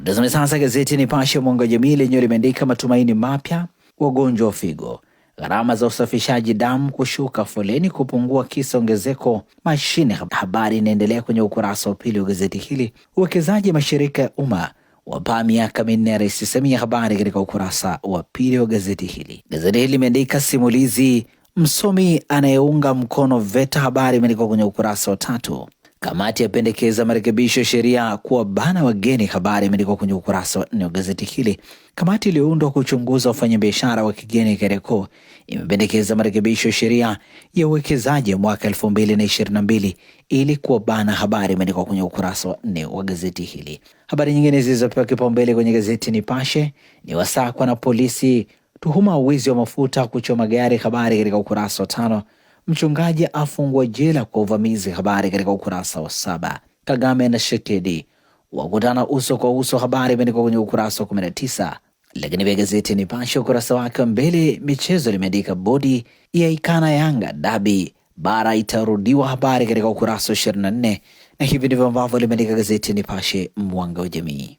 Tutazame sasa gazeti Nipashe Mwanga wa Jamii lenyewe limeandika matumaini mapya wagonjwa wa figo, gharama za usafishaji damu kushuka, foleni kupungua, kisa ongezeko mashine. Habari inaendelea kwenye ukurasa wa pili wa gazeti hili. Uwekezaji mashirika ya umma wapaa miaka minne ya Rais Samia, habari katika ukurasa wa pili wa gazeti hili. Gazeti hili limeandika simulizi msomi anayeunga mkono VETA, habari imeandikwa kwenye ukurasa wa tatu. Kamati yapendekeza marekebisho ya sheria kuwa bana wageni. Habari imeandikwa kwenye ukurasa wa nne wa gazeti hili. Kamati iliyoundwa kuchunguza wafanyabiashara wa kigeni Kariakoo imependekeza marekebisho ya sheria ya uwekezaji mwaka elfu mbili na ishirini na mbili ili kuwa bana. Habari imeandikwa kwenye ukurasa wa nne wa gazeti hili. Habari nyingine zilizopewa kipaumbele kwenye gazeti Nipashe ni wasakwa na polisi, tuhuma wizi wa mafuta, kuchoma gari. Habari katika ukurasa wa tano. Mchungaji afungwa jela kwa uvamizi, habari katika ukurasa wa saba. Kagame na Shekedi wakutana uso kwa uso, habari imeandikwa kwenye ukurasa wa kumi na tisa. Lakini pia gazeti Nipashe ukurasa wake wa mbele michezo limeandika bodi ya ikana Yanga dabi bara itarudiwa, habari katika ukurasa wa ishirini na nne na hivi ndivyo ambavyo limeandika gazeti Nipashe mwanga wa jamii.